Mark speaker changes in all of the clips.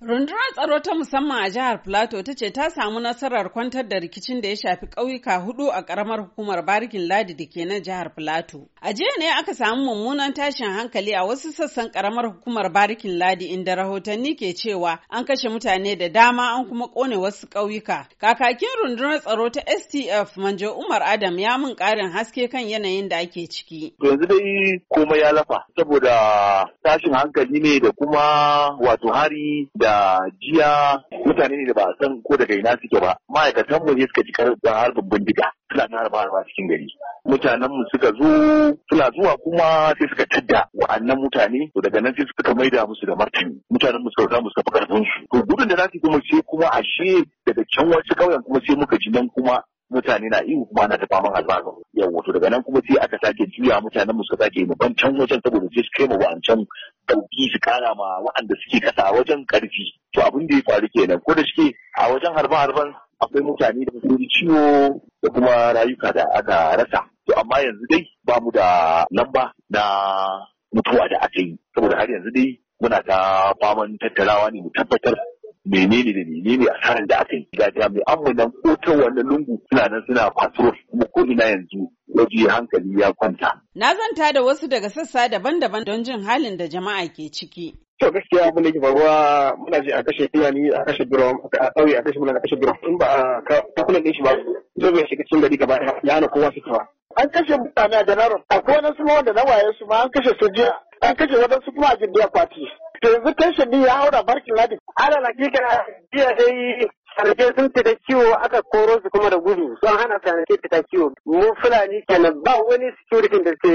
Speaker 1: Rundunar tsaro ta musamman a jihar Plateau ta ce ta samu nasarar kwantar da rikicin da ya shafi ƙauyuka hudu a ƙaramar hukumar Barikin Ladi da ke nan jihar Plateau. A jiya ne aka samu mummunan tashin hankali a wasu sassan ƙaramar hukumar Barikin Ladi inda rahotanni ke cewa an kashe mutane da dama an kuma ƙone wasu ƙauyuka. Kakakin rundunar tsaro ta STF Manjo Umar Adam ya mun ƙarin haske kan yanayin da ake ciki.
Speaker 2: Yanzu dai komai ya lafa saboda tashin hankali ne da kuma wato hari da da jiya mutane ne da ba a san ko daga ina suke ba ma'aikatan mu ne suka ji da harbin bindiga suna ta harba harba cikin gari mutanen mu suka zo suna zuwa kuma sai suka tadda wa'annan mutane to daga nan sai suka maida musu da martani mutanen mu suka mu musu kafa karfin su to gudun da za su kuma sai kuma ashe daga can wasu kauyen kuma sai muka ji nan kuma mutane na iya kuma na tafa faman albarka yau wato daga nan kuma sai aka sake juya mutanen mu suka sake mu ban can wajen saboda sai su kai mu ba an can ɗauki su kara ma waɗanda suke kasa wajen ƙarfi to abin da ya faru kenan ko da shike a wajen harban-harban akwai mutane da sun ciwo da kuma rayuka da aka rasa to amma yanzu dai ba mu da lamba na mutuwa da aka yi saboda har yanzu dai muna ta faman tattarawa ne mu tabbatar menene da menene asarar da aka yi ga jami'an mu nan ko ta wannan lungu suna nan suna patrol kuma ko ina yanzu ya hankali ya kwanta.
Speaker 1: Na zanta da wasu daga sassa daban-daban don jin halin da jama'a ke ciki.
Speaker 2: to gaskiya mun yi ke muna ji a kashe iyali a kashe birom a ƙauye a kashe muna a kashe birom in ba a kakunan ɗin shi ba zo bai shiga cikin gari gaba ya hana kowa fitowa. an kashe mutane a janaron akwai wani su wanda na waye su ma an kashe su jiya an kashe su kuma a jirgin akwati. to yanzu tension ya haura barkin ladi ala na kika jiya dai Karfe sun fita kiwo aka koro su kuma da gudu sun hana ke fita kiwo mu fulani kenan ba wani security da ke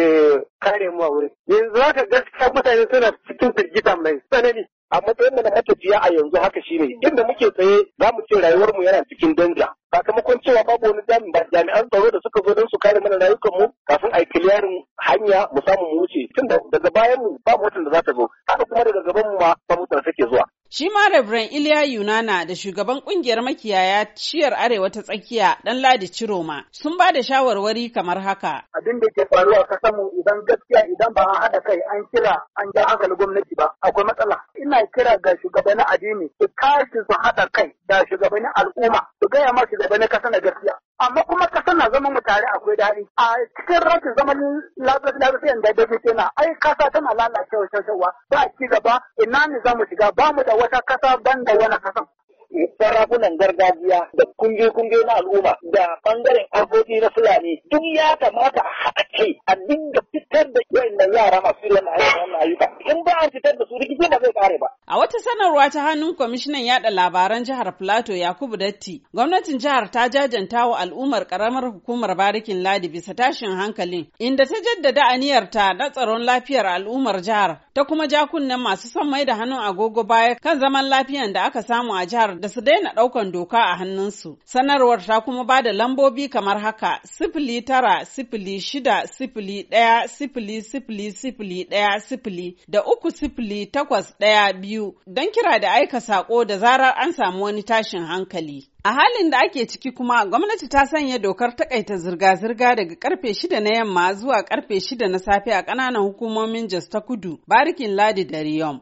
Speaker 2: kare mu a wurin yanzu haka gaskiya mutane suna cikin firgita mai tsanani a matsayin na matafiya a yanzu haka shine inda muke tsaye za mu ce rayuwar mu yana cikin danja sakamakon cewa babu wani jami'an tsaro da suka zo don su kare mana rayukan mu kafin a yi kiliyarin hanya mu samu mu wuce tun daga bayan mu babu watan da za ta zo haka kuma daga gaban mu ma ba mutan zuwa
Speaker 1: Shi ma Rabran Iliya Yunana da shugaban kungiyar makiyaya ciyar arewa ta tsakiya dan Ladi Ciroma sun ba da shawarwari kamar haka.
Speaker 2: Abin da ke faruwa ka samu idan gaskiya idan ba an haɗa kai an kira an ja hankali gwamnati ba akwai matsala. Ina kira ga shugabannin addini su tashi su haɗa kai da shugabannin al'umma su gaya ma shugabannin kasa na gaskiya. amma kuma ka na zama mu tare akwai daɗi a cikin rashin zaman lafiyar da da muke na ai kasa tana lalacewa cewa ba ci gaba ina ne za mu shiga ba mu da wata kasa ban da wani kasan sarakunan gargajiya da kunge-kunge na al'umma da bangaren aboki na Fulani duk ya kamata a haɗace a dinga fitar da wayannan yara masu yin ayyuka in ba a fitar da su rikicin ba zai kare ba.
Speaker 1: A wata sanarwa ta hannun kwamishinan yaɗa labaran jihar Plateau Yakubu Datti gwamnatin jihar ta jajanta wa al'ummar karamar hukumar barikin Ladi bisa tashin hankalin inda ta jaddada aniyarta na tsaron lafiyar al'ummar jihar ta kuma jakunan masu son mai da hannun agogo baya kan zaman lafiyan da aka samu a jihar da su daina ɗaukan doka a hannunsu. Sanarwar ta kuma ba da lambobi kamar haka sifili tara sifili shida sifili ɗaya sifili sifili sifili ɗaya sifili da uku sifili takwas ɗaya biyu don kira da aika saƙo da zarar an samu wani tashin hankali. A halin da ake ciki kuma gwamnati ta sanya dokar takaita zirga-zirga daga karfe shida na yamma zuwa karfe shida na safe a kananan hukumomin Jos ta Kudu, Barikin Ladi da Riyom.